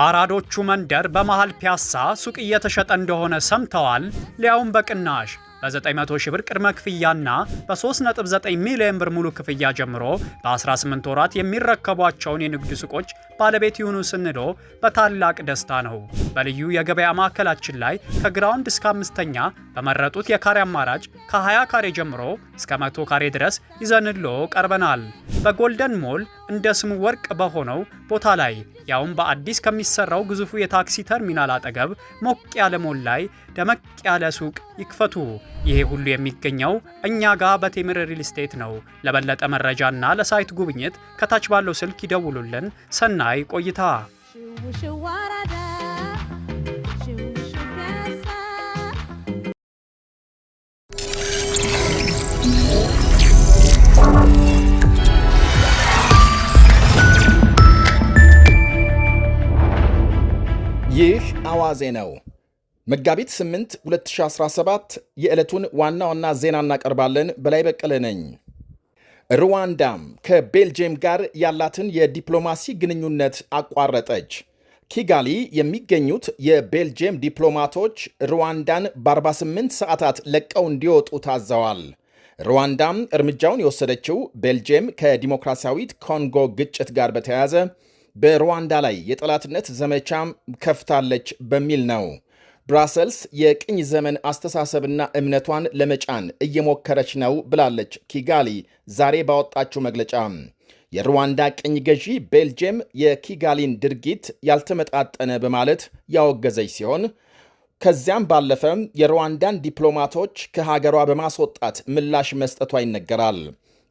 ባራዶቹ መንደር በመሃል ፒያሳ ሱቅ እየተሸጠ እንደሆነ ሰምተዋል? ሊያውም በቅናሽ በ900 ሺህ ብር ቅድመ ክፍያና በ3.9 ሚሊዮን ብር ሙሉ ክፍያ ጀምሮ በ18 ወራት የሚረከቧቸውን የንግድ ሱቆች ባለቤት ይሁኑ ስንሎ በታላቅ ደስታ ነው። በልዩ የገበያ ማዕከላችን ላይ ከግራውንድ እስከ አምስተኛ በመረጡት የካሬ አማራጭ ከ20 ካሬ ጀምሮ እስከ 100 ካሬ ድረስ ይዘንሎ ቀርበናል። በጎልደን ሞል እንደ ስሙ ወርቅ በሆነው ቦታ ላይ ያውም በአዲስ ከሚሰራው ግዙፉ የታክሲ ተርሚናል አጠገብ ሞቅ ያለ ሞል ላይ ደመቅ ያለ ሱቅ ይክፈቱ። ይሄ ሁሉ የሚገኘው እኛ ጋር በቴምር ሪል ስቴት ነው። ለበለጠ መረጃና ለሳይት ጉብኝት ከታች ባለው ስልክ ይደውሉልን። ሰናይ ቆይታ አዋዜ ነው። መጋቢት 8 2017 የዕለቱን ዋና ዋና ዜና እናቀርባለን። በላይ በቀለ ነኝ። ሩዋንዳም ከቤልጅየም ጋር ያላትን የዲፕሎማሲ ግንኙነት አቋረጠች። ኪጋሊ የሚገኙት የቤልጅየም ዲፕሎማቶች ሩዋንዳን በ48 ሰዓታት ለቀው እንዲወጡ ታዘዋል። ሩዋንዳም እርምጃውን የወሰደችው ቤልጅየም ከዲሞክራሲያዊት ኮንጎ ግጭት ጋር በተያያዘ በሩዋንዳ ላይ የጠላትነት ዘመቻም ከፍታለች በሚል ነው። ብራሰልስ የቅኝ ዘመን አስተሳሰብና እምነቷን ለመጫን እየሞከረች ነው ብላለች ኪጋሊ ዛሬ ባወጣችው መግለጫ። የሩዋንዳ ቅኝ ገዢ ቤልጅየም የኪጋሊን ድርጊት ያልተመጣጠነ በማለት ያወገዘች ሲሆን ከዚያም ባለፈም የሩዋንዳን ዲፕሎማቶች ከሀገሯ በማስወጣት ምላሽ መስጠቷ ይነገራል።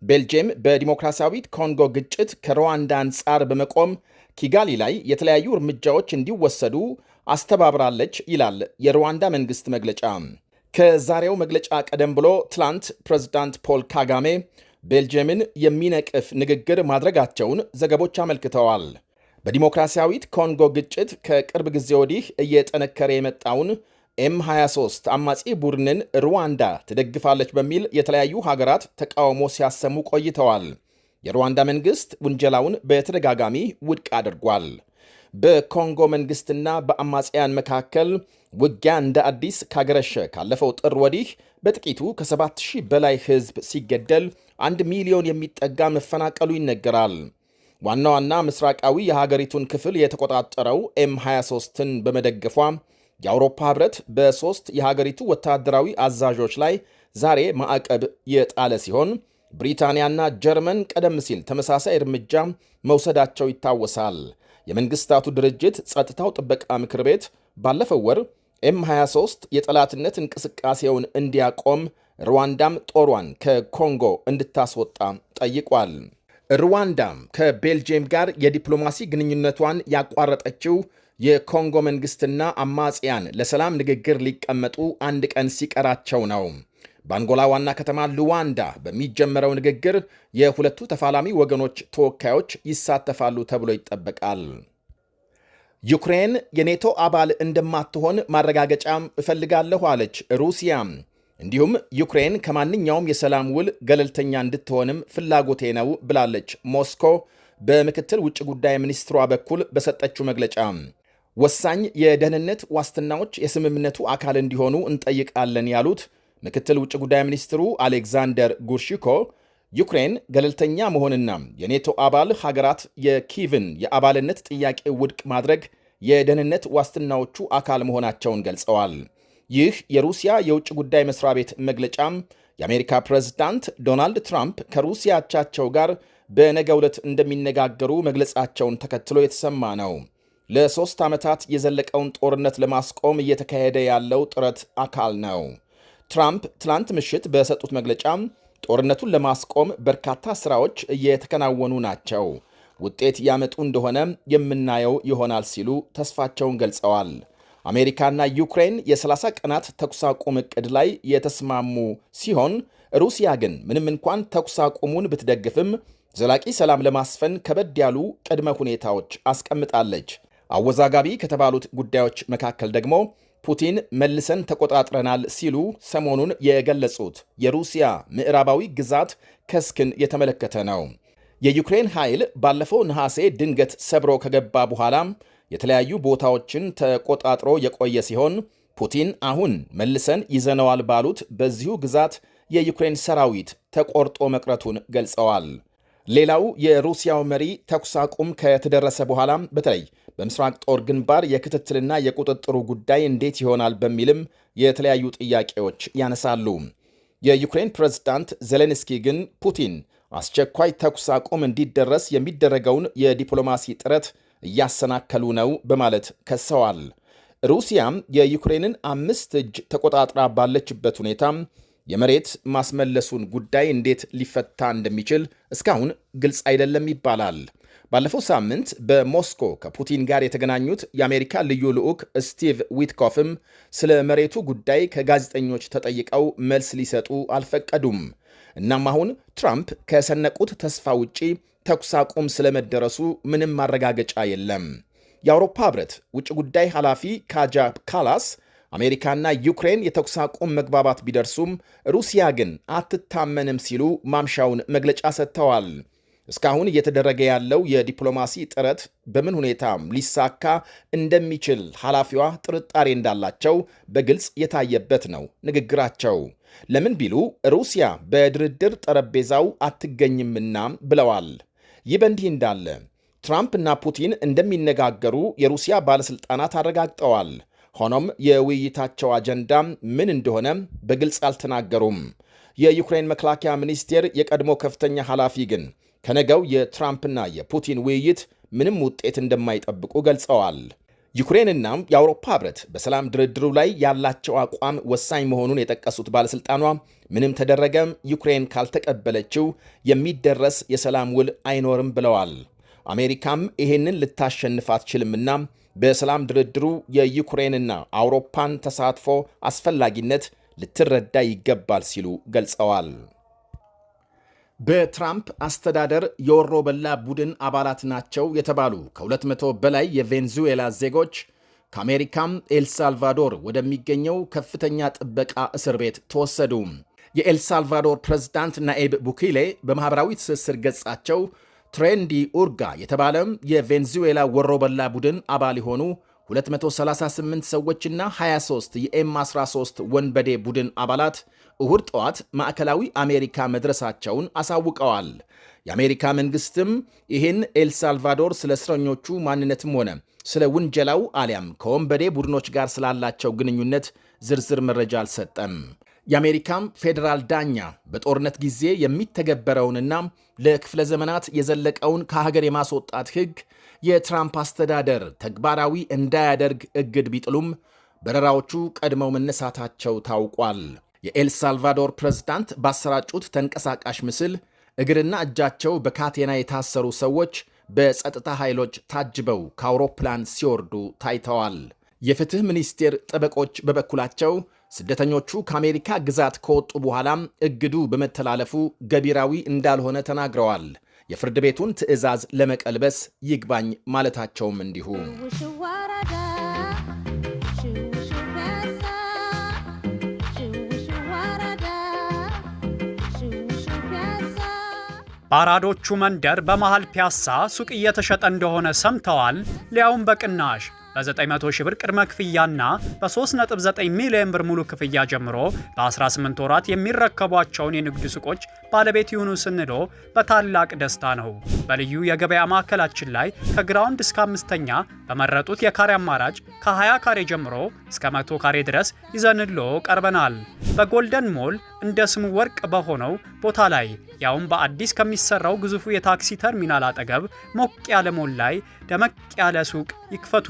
ቤልጅየም በዲሞክራሲያዊት ኮንጎ ግጭት ከሩዋንዳ አንጻር በመቆም ኪጋሊ ላይ የተለያዩ እርምጃዎች እንዲወሰዱ አስተባብራለች ይላል የሩዋንዳ መንግስት መግለጫ። ከዛሬው መግለጫ ቀደም ብሎ ትላንት ፕሬዝዳንት ፖል ካጋሜ ቤልጅየምን የሚነቅፍ ንግግር ማድረጋቸውን ዘገቦች አመልክተዋል። በዲሞክራሲያዊት ኮንጎ ግጭት ከቅርብ ጊዜ ወዲህ እየጠነከረ የመጣውን ኤም 23 አማጺ ቡድንን ሩዋንዳ ትደግፋለች በሚል የተለያዩ ሀገራት ተቃውሞ ሲያሰሙ ቆይተዋል። የሩዋንዳ መንግስት ውንጀላውን በተደጋጋሚ ውድቅ አድርጓል። በኮንጎ መንግሥትና በአማጽያን መካከል ውጊያ እንደ አዲስ ካገረሸ ካለፈው ጥር ወዲህ በጥቂቱ ከ7000 በላይ ህዝብ ሲገደል አንድ ሚሊዮን የሚጠጋ መፈናቀሉ ይነገራል። ዋና ዋና ምስራቃዊ የሀገሪቱን ክፍል የተቆጣጠረው ኤም 23ን በመደገፏ የአውሮፓ ህብረት በሦስት የሀገሪቱ ወታደራዊ አዛዦች ላይ ዛሬ ማዕቀብ የጣለ ሲሆን ብሪታንያና ጀርመን ቀደም ሲል ተመሳሳይ እርምጃ መውሰዳቸው ይታወሳል። የመንግስታቱ ድርጅት ጸጥታው ጥበቃ ምክር ቤት ባለፈው ወር ኤም 23 የጠላትነት እንቅስቃሴውን እንዲያቆም ሩዋንዳም ጦሯን ከኮንጎ እንድታስወጣ ጠይቋል። ሩዋንዳም ከቤልጅየም ጋር የዲፕሎማሲ ግንኙነቷን ያቋረጠችው የኮንጎ መንግስትና አማጽያን ለሰላም ንግግር ሊቀመጡ አንድ ቀን ሲቀራቸው ነው። በአንጎላ ዋና ከተማ ሉዋንዳ በሚጀመረው ንግግር የሁለቱ ተፋላሚ ወገኖች ተወካዮች ይሳተፋሉ ተብሎ ይጠበቃል። ዩክሬን የኔቶ አባል እንደማትሆን ማረጋገጫም እፈልጋለሁ አለች ሩሲያ። እንዲሁም ዩክሬን ከማንኛውም የሰላም ውል ገለልተኛ እንድትሆንም ፍላጎቴ ነው ብላለች ሞስኮ በምክትል ውጭ ጉዳይ ሚኒስትሯ በኩል በሰጠችው መግለጫ። ወሳኝ የደህንነት ዋስትናዎች የስምምነቱ አካል እንዲሆኑ እንጠይቃለን ያሉት ምክትል ውጭ ጉዳይ ሚኒስትሩ አሌክዛንደር ጉርሺኮ ዩክሬን ገለልተኛ መሆንና የኔቶ አባል ሀገራት የኪቭን የአባልነት ጥያቄ ውድቅ ማድረግ የደህንነት ዋስትናዎቹ አካል መሆናቸውን ገልጸዋል። ይህ የሩሲያ የውጭ ጉዳይ መስሪያ ቤት መግለጫም የአሜሪካ ፕሬዝዳንት ዶናልድ ትራምፕ ከሩሲያ አቻቸው ጋር በነገ ዕለት እንደሚነጋገሩ መግለጻቸውን ተከትሎ የተሰማ ነው። ለሦስት ዓመታት የዘለቀውን ጦርነት ለማስቆም እየተካሄደ ያለው ጥረት አካል ነው። ትራምፕ ትላንት ምሽት በሰጡት መግለጫ ጦርነቱን ለማስቆም በርካታ ስራዎች እየተከናወኑ ናቸው፣ ውጤት ያመጡ እንደሆነ የምናየው ይሆናል ሲሉ ተስፋቸውን ገልጸዋል። አሜሪካና ዩክሬን የ30 ቀናት ተኩስ አቁም እቅድ ላይ የተስማሙ ሲሆን ሩሲያ ግን ምንም እንኳን ተኩስ አቁሙን ብትደግፍም ዘላቂ ሰላም ለማስፈን ከበድ ያሉ ቅድመ ሁኔታዎች አስቀምጣለች። አወዛጋቢ ከተባሉት ጉዳዮች መካከል ደግሞ ፑቲን መልሰን ተቆጣጥረናል ሲሉ ሰሞኑን የገለጹት የሩሲያ ምዕራባዊ ግዛት ከስክን የተመለከተ ነው። የዩክሬን ኃይል ባለፈው ነሐሴ ድንገት ሰብሮ ከገባ በኋላ የተለያዩ ቦታዎችን ተቆጣጥሮ የቆየ ሲሆን ፑቲን አሁን መልሰን ይዘነዋል ባሉት በዚሁ ግዛት የዩክሬን ሰራዊት ተቆርጦ መቅረቱን ገልጸዋል። ሌላው የሩሲያው መሪ ተኩስ አቁም ከተደረሰ በኋላ በተለይ በምስራቅ ጦር ግንባር የክትትልና የቁጥጥሩ ጉዳይ እንዴት ይሆናል በሚልም የተለያዩ ጥያቄዎች ያነሳሉ። የዩክሬን ፕሬዝዳንት ዜሌንስኪ ግን ፑቲን አስቸኳይ ተኩስ አቁም እንዲደረስ የሚደረገውን የዲፕሎማሲ ጥረት እያሰናከሉ ነው በማለት ከሰዋል። ሩሲያም የዩክሬንን አምስት እጅ ተቆጣጥራ ባለችበት ሁኔታ የመሬት ማስመለሱን ጉዳይ እንዴት ሊፈታ እንደሚችል እስካሁን ግልጽ አይደለም ይባላል። ባለፈው ሳምንት በሞስኮ ከፑቲን ጋር የተገናኙት የአሜሪካ ልዩ ልዑክ ስቲቭ ዊትኮፍም ስለ መሬቱ ጉዳይ ከጋዜጠኞች ተጠይቀው መልስ ሊሰጡ አልፈቀዱም። እናም አሁን ትራምፕ ከሰነቁት ተስፋ ውጪ ተኩስ አቁም ስለመደረሱ ምንም ማረጋገጫ የለም። የአውሮፓ ህብረት ውጭ ጉዳይ ኃላፊ ካጃ ካላስ አሜሪካና ዩክሬን የተኩስ አቁም መግባባት ቢደርሱም ሩሲያ ግን አትታመንም ሲሉ ማምሻውን መግለጫ ሰጥተዋል። እስካሁን እየተደረገ ያለው የዲፕሎማሲ ጥረት በምን ሁኔታም ሊሳካ እንደሚችል ኃላፊዋ ጥርጣሬ እንዳላቸው በግልጽ የታየበት ነው ንግግራቸው። ለምን ቢሉ ሩሲያ በድርድር ጠረጴዛው አትገኝምና ብለዋል። ይህ በእንዲህ እንዳለ ትራምፕ እና ፑቲን እንደሚነጋገሩ የሩሲያ ባለሥልጣናት አረጋግጠዋል። ሆኖም የውይይታቸው አጀንዳ ምን እንደሆነ በግልጽ አልተናገሩም። የዩክሬን መከላከያ ሚኒስቴር የቀድሞ ከፍተኛ ኃላፊ ግን ከነገው የትራምፕና የፑቲን ውይይት ምንም ውጤት እንደማይጠብቁ ገልጸዋል። ዩክሬንና የአውሮፓ ህብረት በሰላም ድርድሩ ላይ ያላቸው አቋም ወሳኝ መሆኑን የጠቀሱት ባለሥልጣኗ ምንም ተደረገም ዩክሬን ካልተቀበለችው የሚደረስ የሰላም ውል አይኖርም ብለዋል። አሜሪካም ይሄንን ልታሸንፍ አትችልምና በሰላም ድርድሩ የዩክሬንና አውሮፓን ተሳትፎ አስፈላጊነት ልትረዳ ይገባል ሲሉ ገልጸዋል። በትራምፕ አስተዳደር በላ ቡድን አባላት ናቸው የተባሉ ከ200 በላይ የቬንዙዌላ ዜጎች ከአሜሪካም ኤልሳልቫዶር ወደሚገኘው ከፍተኛ ጥበቃ እስር ቤት ተወሰዱ። የኤልሳልቫዶር ፕሬዝዳንት ናኤብ ቡኪሌ በማኅበራዊ ትስስር ገጻቸው ትሬንዲ ኡርጋ የተባለም የቬንዙዌላ ወሮበላ ቡድን አባል የሆኑ 238 ሰዎችና 23 የኤም 13 ወንበዴ ቡድን አባላት እሁድ ጠዋት ማዕከላዊ አሜሪካ መድረሳቸውን አሳውቀዋል። የአሜሪካ መንግስትም ይህን ኤልሳልቫዶር ስለ እስረኞቹ ማንነትም ሆነ ስለ ውንጀላው አሊያም ከወንበዴ ቡድኖች ጋር ስላላቸው ግንኙነት ዝርዝር መረጃ አልሰጠም። የአሜሪካም ፌዴራል ዳኛ በጦርነት ጊዜ የሚተገበረውንና ለክፍለ ዘመናት የዘለቀውን ከሀገር የማስወጣት ሕግ የትራምፕ አስተዳደር ተግባራዊ እንዳያደርግ እግድ ቢጥሉም በረራዎቹ ቀድመው መነሳታቸው ታውቋል። የኤልሳልቫዶር ፕሬዝዳንት ባሰራጩት ተንቀሳቃሽ ምስል እግርና እጃቸው በካቴና የታሰሩ ሰዎች በጸጥታ ኃይሎች ታጅበው ከአውሮፕላን ሲወርዱ ታይተዋል። የፍትህ ሚኒስቴር ጠበቆች በበኩላቸው ስደተኞቹ ከአሜሪካ ግዛት ከወጡ በኋላም እግዱ በመተላለፉ ገቢራዊ እንዳልሆነ ተናግረዋል። የፍርድ ቤቱን ትዕዛዝ ለመቀልበስ ይግባኝ ማለታቸውም እንዲሁ ባራዶቹ መንደር በመሃል ፒያሳ ሱቅ እየተሸጠ እንደሆነ ሰምተዋል፣ ሊያውም በቅናሽ በ900 ሺህ ብር ቅድመ ክፍያና በ3.9 ሚሊዮን ብር ሙሉ ክፍያ ጀምሮ በ18 ወራት የሚረከቧቸውን የንግድ ሱቆች ባለቤት ይሁኑ ስንሎ በታላቅ ደስታ ነው። በልዩ የገበያ ማዕከላችን ላይ ከግራውንድ እስከ አምስተኛ በመረጡት የካሬ አማራጭ ከ20 ካሬ ጀምሮ እስከ መቶ ካሬ ድረስ ይዘንሎ ቀርበናል። በጎልደን ሞል እንደ ስሙ ወርቅ በሆነው ቦታ ላይ ያውም በአዲስ ከሚሰራው ግዙፉ የታክሲ ተርሚናል አጠገብ ሞቅ ያለ ሞል ላይ ደመቅ ያለ ሱቅ ይክፈቱ።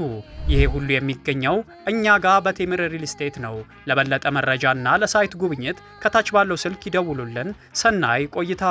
ይሄ ሁሉ የሚገኘው እኛ ጋር በቴምር ሪል ስቴት ነው። ለበለጠ መረጃና ለሳይት ጉብኝት ከታች ባለው ስልክ ይደውሉልን። ሰና ሰናይ ቆይታ